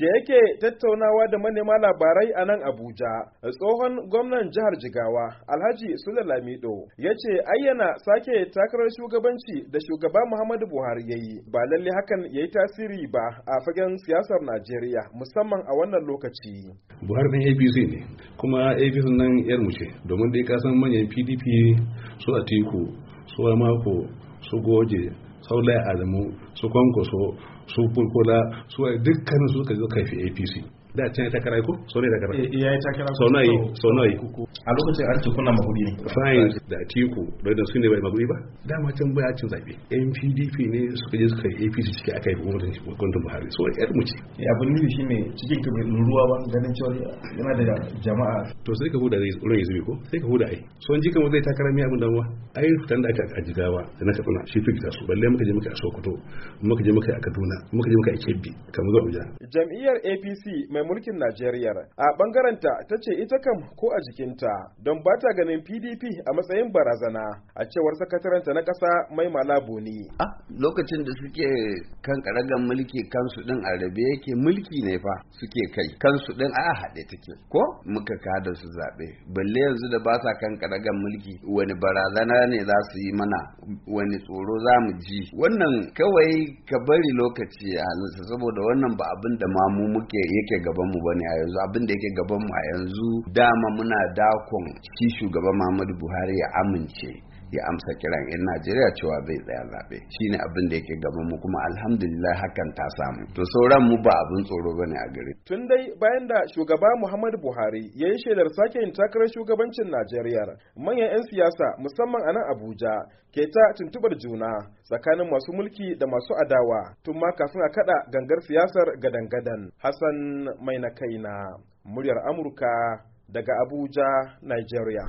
da yake tattaunawa da manema labarai a nan Abuja, tsohon gwamnan jihar Jigawa, Alhaji Sule Lamido, ya ce ayyana sake takarar shugabanci da shugaba Muhammadu Buhari ya yi, ba lalle hakan ya yi tasiri ba a fagen siyasar Najeriya, musamman a wannan lokaci. Buhari ɗan APC ne, kuma APC nan yar mu ce, domin dai kasan manyan PDP su a teku su Amako, su Goje, saulai adamu su kwankwaso su kurkula su dukkanin su suka zo kafi apc da can ya takara ko so ne takara eh, ya yi takara so nayi so nayi a lokacin arti kuna magudi ne fine da atiku da da su ne bai magudi ba dama can baya cin zabe NPDP ne suka je suka yi APC cike aka yi gwamnatin gwamnatin Buhari so yar mu ce ya eh, abin nufi shine cikin ka bai ruwa ba ganin cewa yana da jama'a to sai ka huda zai ruwan zubi ko sai ka huda ai so an ji kamar zai takara mai abin damuwa ai fitan da aka a jigawa da na katsina shi fi gida su balle muka je muka a Sokoto muka je muka a Kaduna muka je muka a Kebbi kamar zuwa Abuja jam'iyyar APC mai mulkin Najeriya. A bangaranta ta ce ita kam ko a jikinta don ba ta ganin PDP a matsayin barazana a cewar sakataranta na ƙasa mai malabo ne. Ah, lokacin da suke kan karagan mulki kansu din a rabe yake mulki ne fa suke kai kansu din a haɗe take ko muka da su zaɓe balle yanzu da ba sa kan karagan mulki wani barazana ne za su yi mana wani tsoro za mu ji wannan kawai ka bari lokaci a saboda wannan ba abin da mamu muke yake gaban mu bane a yanzu abin da yake gaban mu a yanzu dama muna dakon shi shugaban Muhammadu Buhari ya amince ya amsa kiran 'yan Najeriya cewa zai tsaya zaɓe shine abin da yake gaban mu kuma alhamdulillah hakan ta samu to sauran mu ba abin tsoro bane a gare tun dai bayan da shugaba Muhammadu Buhari ya yi shelar sake yin takarar shugabancin Najeriya manyan 'yan siyasa musamman a nan Abuja ke ta tuntubar juna tsakanin masu mulki da masu adawa tun ma kafin a kada gangar siyasar gadan-gadan Hassan Mai na kaina muryar Amurka daga Abuja, Nigeria.